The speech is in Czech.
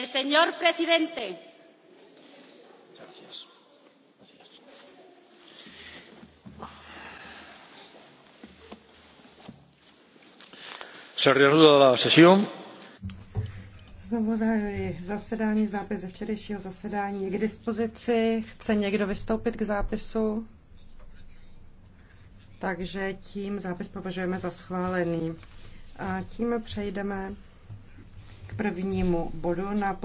El señor presidente. Se reanuda la sesión. Znovu zahajuji zasedání, zápis ze včerejšího zasedání je k dispozici. Chce někdo vystoupit k zápisu? Takže tím zápis považujeme za schválený. A tím přejdeme prvnímu bodu na pořadu.